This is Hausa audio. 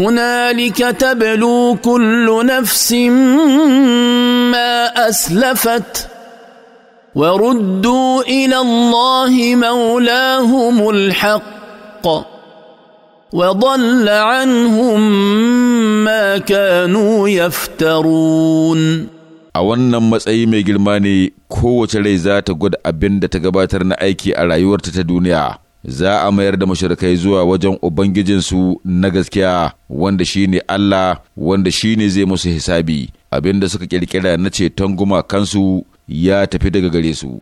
هنالك تبلو كل نفس ما اسلفت وردوا الى الله مولاهم الحق وضل عنهم ما كانوا يفترون a wannan matsayi mai girma ne kowace rai za ta gwada abin da ta gabatar na aiki a rayuwarta ta duniya za a mayar da mashirkai zuwa wajen Ubangijinsu na gaskiya wanda shi ne Allah wanda shi ne zai musu hisabi abinda suka ƙirƙira na ceton gumakansu ya tafi daga gare su.